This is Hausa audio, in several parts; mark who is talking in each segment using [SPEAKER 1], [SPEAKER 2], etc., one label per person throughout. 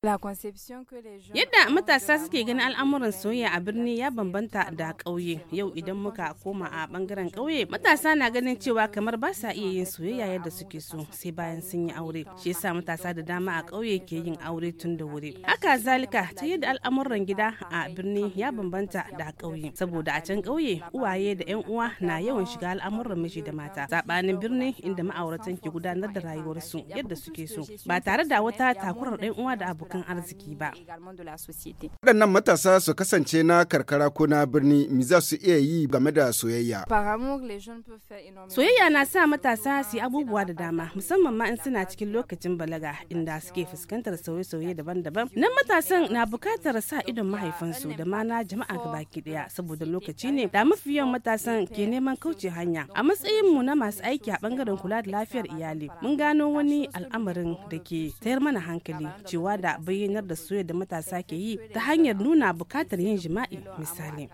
[SPEAKER 1] Yadda matasa suke ganin al'amuran soyayya a birni ya bambanta da ƙauye. Yau idan muka koma a bangaren ƙauye, matasa na ganin cewa kamar ba sa iya yin soyayya yadda suke so sai bayan sun yi aure. Shi yasa matasa da dama a ƙauye ke yin aure tun da wuri. Haka zalika ta yadda al'amuran gida a birni ya bambanta da ƙauye. Saboda a can ƙauye uwaye da 'yan uwa na yawan shiga al'amuran miji da mata. Saɓanin birni inda ma'auratan ke gudanar da rayuwarsu yadda suke so ba tare da wata takurar yan uwa da abu abokan arziki ba.
[SPEAKER 2] Waɗannan matasa su kasance na karkara ko na birni mi za su iya yi game da soyayya.
[SPEAKER 1] Soyayya na sa matasa su yi abubuwa da dama musamman ma in suna cikin lokacin balaga inda suke fuskantar sauye-sauye daban-daban. Nan matasan na bukatar sa idon mahaifansu da ma na jama'a gabaki ɗaya saboda lokaci ne da mafi yawan matasan ke neman kauce hanya. A matsayin mu na masu aiki a bangaren kula da lafiyar iyali mun gano wani al'amarin da ke tayar mana hankali cewa da bayyanar da soyayya da matasa ke yi ta hanyar nuna bukatar yin jima'i misali.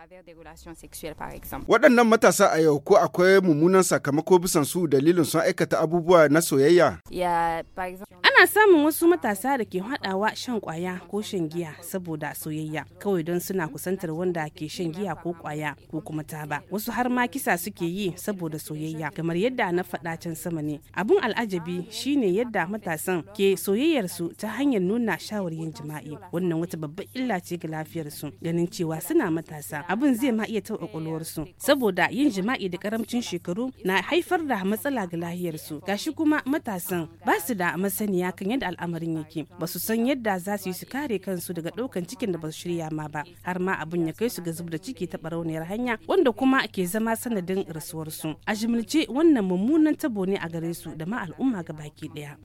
[SPEAKER 2] Waɗannan matasa a yau ko akwai mummunan sakamako bisan su dalilin sun aikata abubuwa na soyayya?
[SPEAKER 1] Ana samun wasu matasa da ke haɗawa shan kwaya ko shan giya saboda soyayya kawai don suna kusantar wanda ke shan giya ko kwaya ko kuma taba. Wasu har ma kisa suke yi saboda soyayya kamar yadda na faɗa can sama ne. Abun al'ajabi shine yadda matasan ke soyayyarsu ta hanyar nuna shar shawarwarin jima'i wannan wata babbar illa ce ga lafiyar su ganin cewa suna matasa abin zai ma iya taɓa ƙwaƙwalwarsu saboda yin jima'i da karamcin shekaru na haifar da matsala ga lafiyar su gashi kuma matasan ba su da masaniya kan yadda al'amarin yake ba su san yadda za su yi su kare kansu daga ɗaukan cikin da ba su shirya ma ba har ma abin ya kai su ga zub da ciki ta barauniyar hanya wanda kuma ke zama sanadin rasuwarsu a jimilce wannan mummunan tabo ne a gare su da ma al'umma ga baki ɗaya.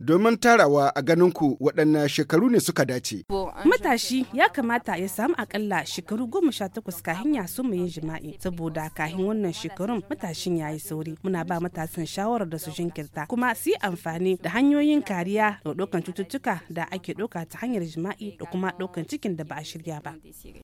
[SPEAKER 2] domin tarawa a ganin ku waɗannan shekaru ne suka dace.
[SPEAKER 1] Matashi ya kamata ya samu akalla shekaru goma sha takwas kahin ya so mu yin jima'i saboda kahin wannan shekarun matashin ya yi sauri muna ba matasan shawarar da su jinkirta kuma su yi amfani da hanyoyin kariya da ɗaukan cututtuka da ake ɗauka ta hanyar jima'i da kuma ɗaukan cikin da ba a shirya ba.